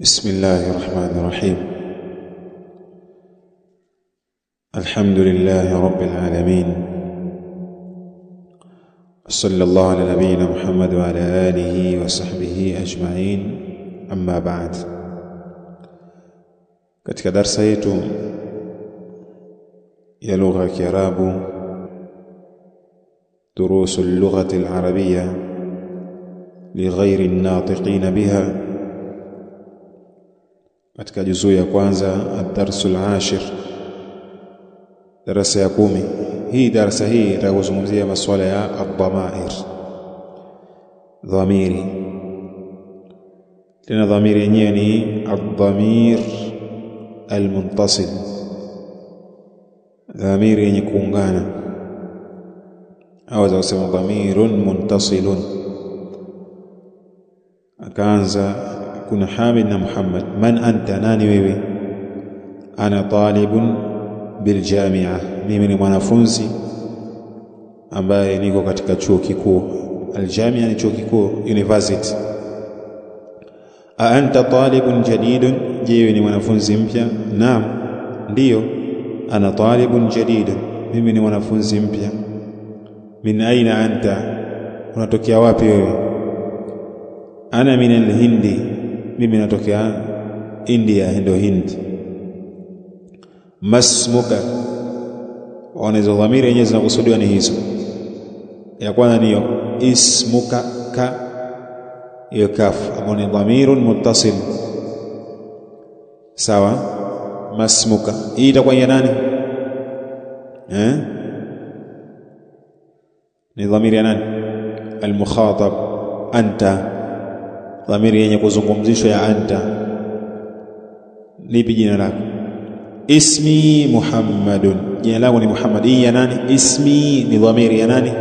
بسم الله الرحمن الرحيم الحمد لله رب العالمين صلى الله على نبينا محمد وعلى آله وصحبه أجمعين أما بعد katika darsa yetu ya lugha ya Kiarabu العربية لغير الناطقين بها katika juzuu ya kwanza ad-darsul ashir, darasa ya kumi. Hii darasa hii itakuzungumzia masuala ya ad-dhamair, dhamiri. Tena dhamiri yenyewe ni ad-dhamir al-muntasil, dhamiri yenye kuungana, au kusema dhamirun muntasilun. Akaanza kuna Hamid na Muhammad. Man anta, nani wewe? Ana talibun biljamia, mimi ni mwanafunzi ambaye niko katika chuo kikuu. Aljamia ni chuo kikuu, university. A anta talibun jadidun, je, ni mwanafunzi mpya? Naam, ndiyo. Ana talibun jadidun, mimi ni mwanafunzi mpya. Min aina anta, unatokea wapi wewe? Ana min alhindi mimi natokea India, ndio Hindi. Masmuka, ona hizo dhamiri yenyewe zinakusudiwa ni hizo. Ya kwanza niyo ismuka, ka hiyo kaf ambao ni dhamirun muttasil, sawa. Masmuka hii itakuwa ya nani eh? ni dhamiri ya nani? Almukhatab anta dhamiri yenye kuzungumzishwa ya anta, lipi jina lako? Ismi Muhammadun, jina langu ni Muhammad. Hii ya nani? Ismi ni dhamiri ya nani?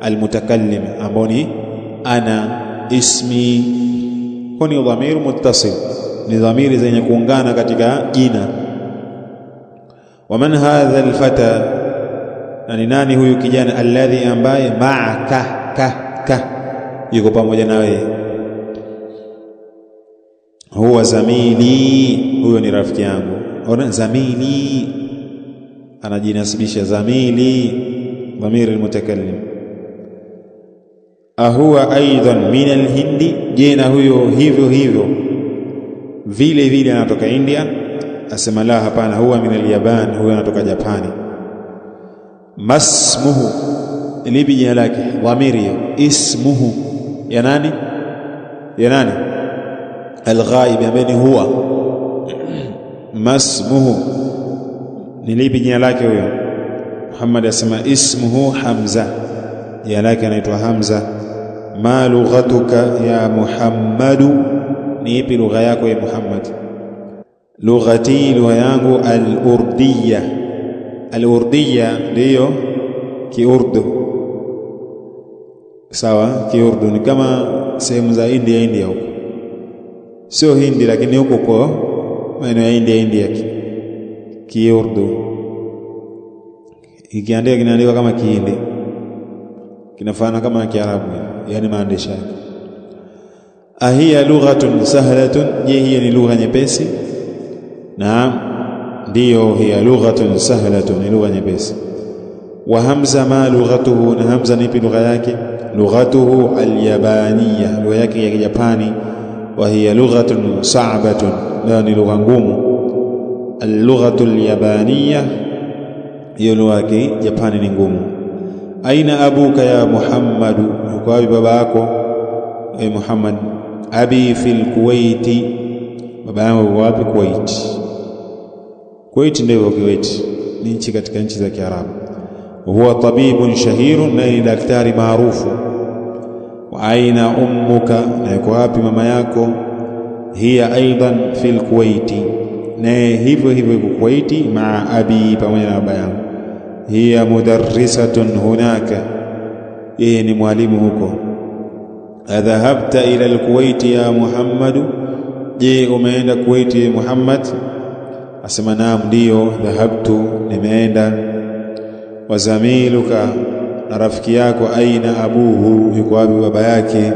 Almutakallim, ambao ni ana. Ismi kwa ni dhamiri muttasil, ni dhamiri zenye kuungana katika jina. Wa man hadha alfata, na ni nani huyu kijana? Alladhi, ambaye maaka ka ka, yuko pamoja na wewe huwa zamili, huyo ni rafiki yangu. Ona zamili, anajinasibisha zamili, dhamiri almutakallim. Ahuwa aidan min alhindi, je na huyo hivyo hivyo vile vile anatoka India? Asema la, hapana, huwa min alyaban, huyo anatoka Japani. Masmuhu, lipi jina lake? Dhamiri ismuhu ya nani? ya nani alghaibi ambaye ni huwa. Masmuhu ni lipi jina lake huyo? Muhammad asema ismuhu Hamza, jina lake anaitwa Hamza. Ma lughatuka ya Muhammadu, ni ipi lugha yako ya Muhammad? Lughati, lugha yangu alurdiya alurdiya al ndiyo Kiurdu, sawa. Kiurdu ni kama sehemu za India, India huko sio Hindi, lakini huko kwa maeneo ya India, India Kiurdu ikiandika kinaandikwa kama Kihindi, kinafanana kama na Kiarabu, yani maandishi yake. Ahiya lughatun sahlatun, je, hiyo ni lugha nyepesi? Naam, ndiyo, hiya lughatun sahlatun, ni lugha nyepesi. Wa hamza ma lughatuhu, na hamza ni ipi lugha yake? Lughatuhu alyabaniya, lugha yake ya Kijapani wa hiya lughatun sa'batun, nayo ni lugha ngumu. Allughatu lyabaniya hiyo lugha ya japani ni ngumu. Aina abuka ya Muhammadu, yuko wapi baba yako e Muhammad? Abi fil Kuwaiti, baba yangu yuko wapi? kuwait ndio hivyo, ni nchi katika nchi za Kiarabu. Huwa tabibun shahirun, naye ni daktari maarufu wa aina ummuka, na yuko wapi mama yako? Hiya aidan fil Kuwaiti, naye hivyo hivyo yuko Kuwaiti. Maa abi, pamoja na baba yangu. Hiya mudarrisatun hunaka, yeye ni mwalimu huko. Adhahabta ila lkuwaiti ya Muhammadu, je umeenda Kuwaiti Muhammad? Asema naam, ndiyo. Dhahabtu, nimeenda. Wazamiluka na rafiki yako, aina abuhu, yuko wapi baba yake?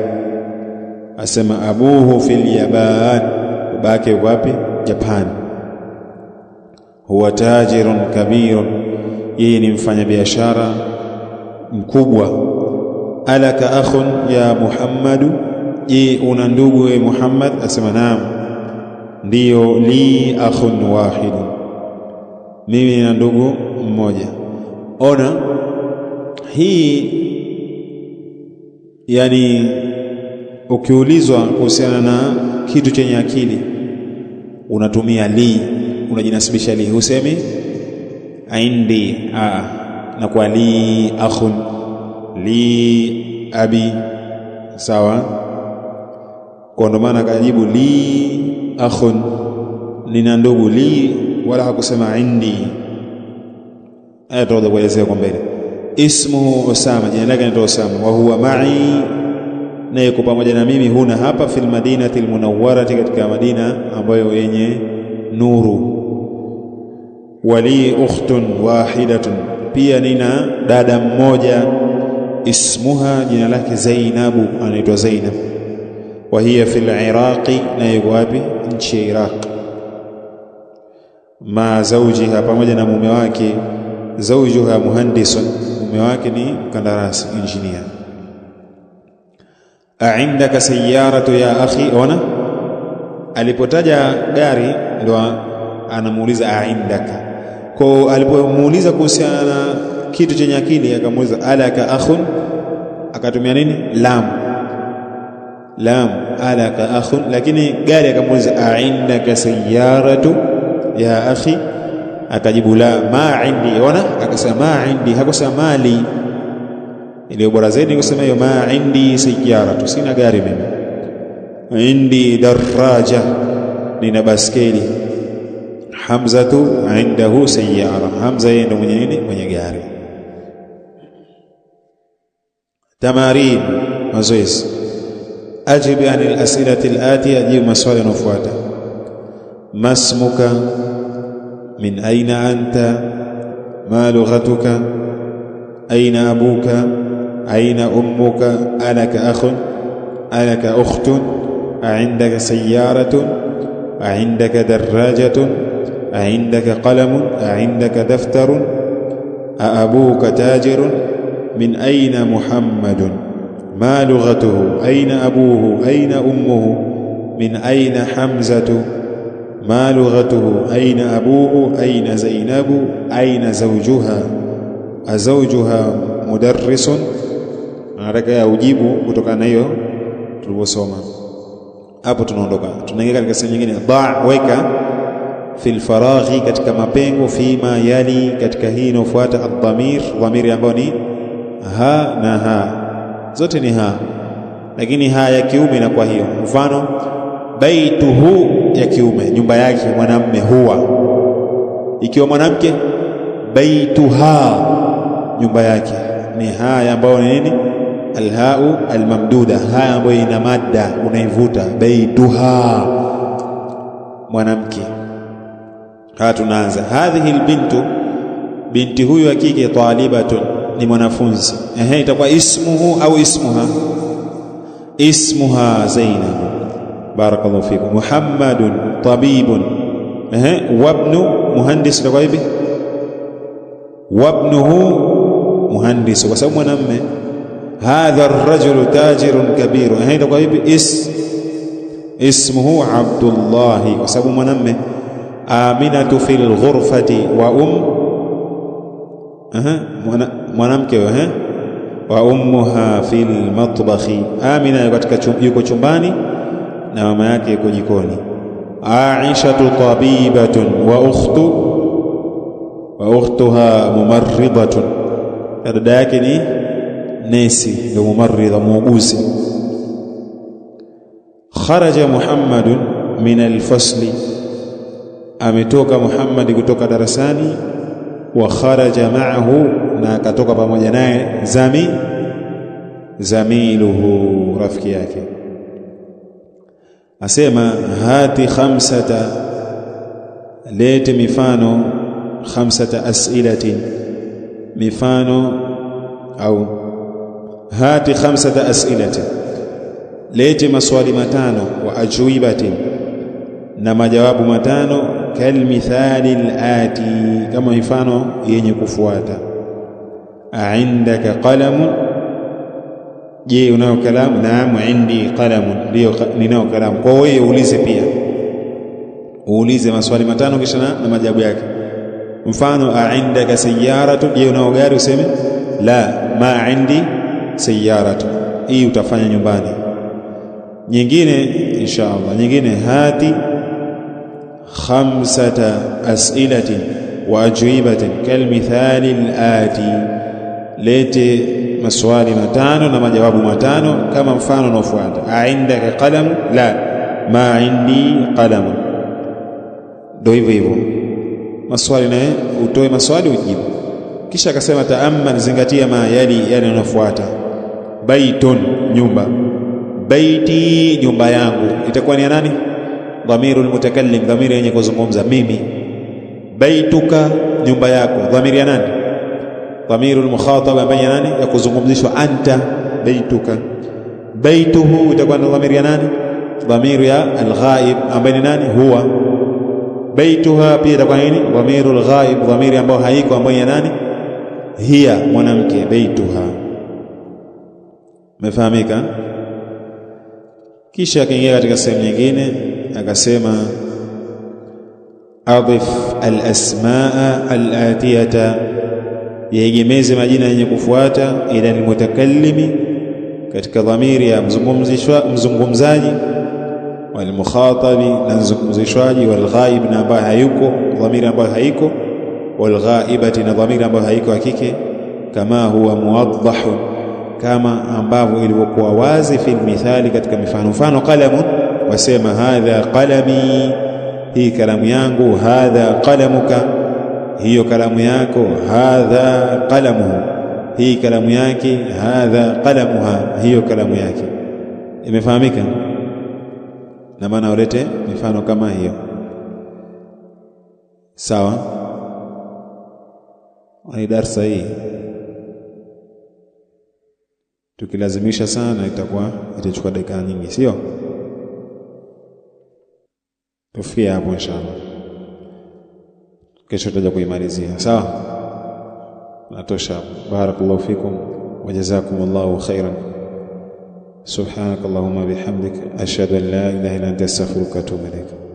Asema abuhu fil yaban, baba yake yuko wapi? Japan. Huwa tajirun kabirun, yeye ni mfanyabiashara mkubwa. Alaka akhun ya Muhammadu, je, una ndugu e Muhammad? Asema naam, ndiyo. Li akhun wahidu, mimi na ndugu mmoja. Ona hii yani, ukiulizwa kuhusiana na kitu chenye akili unatumia li, unajinasibisha li, husemi aindi a na kwa li akhun li abi, sawa. Kwa ndo maana kajibu li akhun, nina ndugu li, wala hakusema indi. Ayataweza kuelezea kwa mbele Ismuhu Osama, jina lake naitwa usama Wa huwa mai, na yuko pamoja na mimi. Huna hapa fil madinati almunawwarati, katika Madina ambayo yenye nuru. Wali ukhtun wahidatun, pia nina dada mmoja. Ismuha, jina lake Zainabu, anaitwa Zainab. Wa hiya fil Iraqi, na yuko wapi? Nchi ya Iraq. Ma zawjiha, pamoja na mume wake. Zawjuha muhandisun mume wake ni mkandarasi engineer. aindaka sayaratu ya akhi, ona alipotaja gari ndo anamuuliza aindaka, kwa alipomuuliza kuhusiana na kitu chenye akili akamuuliza alaka akhun, akatumia nini lam lam alaka akhun, lakini gari akamuuliza aindaka sayaratu ya akhi Akajibu la ma indi, ona akasema ma indi, hakusema mali. Ile bora zaidi kusema hiyo ma indi sijara tu, sina gari mimi. Indi daraja, nina baskeli. Hamzatu indahu sayara, Hamza yeye ndo mwenye nini? Mwenye gari. Tamarin, mazoezi. Ajib anil asilati alati, ajibu maswali yanayofuata. Masmuka من أين أنت ما لغتك أين أبوك أين أمك ألك أخ ألك أخت أعندك سيارة أعندك دراجة أعندك قلم أعندك دفتر أأبوك تاجر من أين محمد ما لغته أين أبوه أين أمه من أين حمزة ma lughatuhu aina abuhu aina zainabu aina zawjuha azawjuha mudarrisun, anataka ya ujibu kutokana na hiyo tulivyosoma hapo. Tunaondoka, tunaingia katika sehemu nyingine. Dha, weka fi lfaraghi, katika mapengo, fi ma yali, katika hii inayofuata, adhamir, dhamiri ambayo ni ha na ha, zote ni ha, lakini ha ya kiume na kwa hiyo. Mfano baituhu ya kiume, nyumba yake mwanamme. Huwa ikiwa mwanamke, baituha, nyumba yake. Ni haya ambayo ni nini? Alhau almamduda, haya ambayo ina madda, unaivuta baituha, mwanamke. Haya, tunaanza hadhihi albintu, binti huyu kike talibatun, ni mwanafunzi. Ehe, itakuwa ismuhu au ismuha, ismuha Zainab بارك الله فيكم محمد طبيب أه. وابن مهندس لغايبه وابنه مهندس وسمو نمي هذا الرجل تاجر كبير هذا قريب اس اسمه عبد الله وسمو نمي آمنة في الغرفة وأم أه mwanamke eh وأمها في المطبخ آمنة amina yuko chumbani na mama yake yuko jikoni. Aishatu tabibatun wa ukhtu wa ukhtuha mumarridatun, dada yake ni nesi, ndio mumarridha, muuguzi. Kharaja Muhammadun min alfasli, ametoka Muhammad kutoka darasani. Wa kharaja ma'ahu, na akatoka pamoja naye. Zami zamiluhu, rafiki yake asema hati khamsata, lete mifano khamsata as'ilatin, mifano au hati khamsata as'ilatin, lete maswali matano wa ajwibatin, na majawabu matano kalmithali alati, kama mifano yenye kufuata aindaka qalamun Je, unayo kalamu? Naam, indi qalamun, ndio ninao kalamu. Kwa wewe uulize pia, uulize maswali matano kisha na majibu yake. Mfano, aindaka sayyaratu, je unao gari? Useme la ma indi sayyaratu. Hii utafanya nyumbani. Nyingine insha Allah, nyingine hati khamsata asilati wa ajwibatin kalmithali alati, lete maswali matano na majawabu matano kama mfano unaofuata: aindaka qalamu? La, ma indi qalamu. Ndio hivyo hivyo maswali, naye utoe maswali ujibu. Kisha akasema taamman, zingatia ma yali, yale yanayofuata: baitun, nyumba; baiti, nyumba yangu. Itakuwa ni ya nani? dhamiru almutakallim dhamiri yenye kuzungumza, mimi. Baituka, nyumba yako, dhamiri ya nani? dhamiru almukhataba ambaye nani ya kuzungumzishwa, anta baituka, baituhu itakuwa na dhamiru ya nani? Dhamiru ya alghaib ambaye ni nani? Huwa. Baituha pia itakuwa nini? Dhamiru alghaib, dhamiri ambayo haiko, ambayo ya nani? Hiya, mwanamke. Baituha, umefahamika. Kisha akaingia katika sehemu nyingine akasema adif alasmaa alatiyata yaegemeze majina yenye kufuata ila almutakallimi, katika dhamiri ya mzungumzaji, walmukhatabi, na mzungumzishwaji, walghaib, na ambaye hayuko, dhamiri ambayo haiko, walghaibati, na dhamiri ambayo haiko hakike, kama huwa muwaddahun, kama ambavyo ilivyokuwa wazi, fi lmithali, katika mifano. Mfano, qalamun, wasema hadha qalami, hii kalamu yangu, hadha qalamuka hiyo kalamu yako, hadha qalamuhu, hii kalamu yake, hadha qalamuha, hiyo kalamu yake. Imefahamika? Na maana ulete mifano kama hiyo, sawa. Ni darsa hii tukilazimisha sana itakuwa itachukua dakika nyingi, sio? Tufikie hapo inshallah. kesho tutaja kuimalizia sawa natosha barakallahu fikum wa jazakumullahu khairan subhanakallahumma bihamdika ashhadu an la ilaha illa anta astaghfiruka wa atubu ilaik